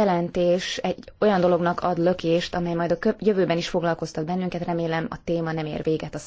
jelentés egy olyan dolognak ad lökést, amely majd a jövőben is foglalkoztat bennünket, remélem a téma nem ér véget a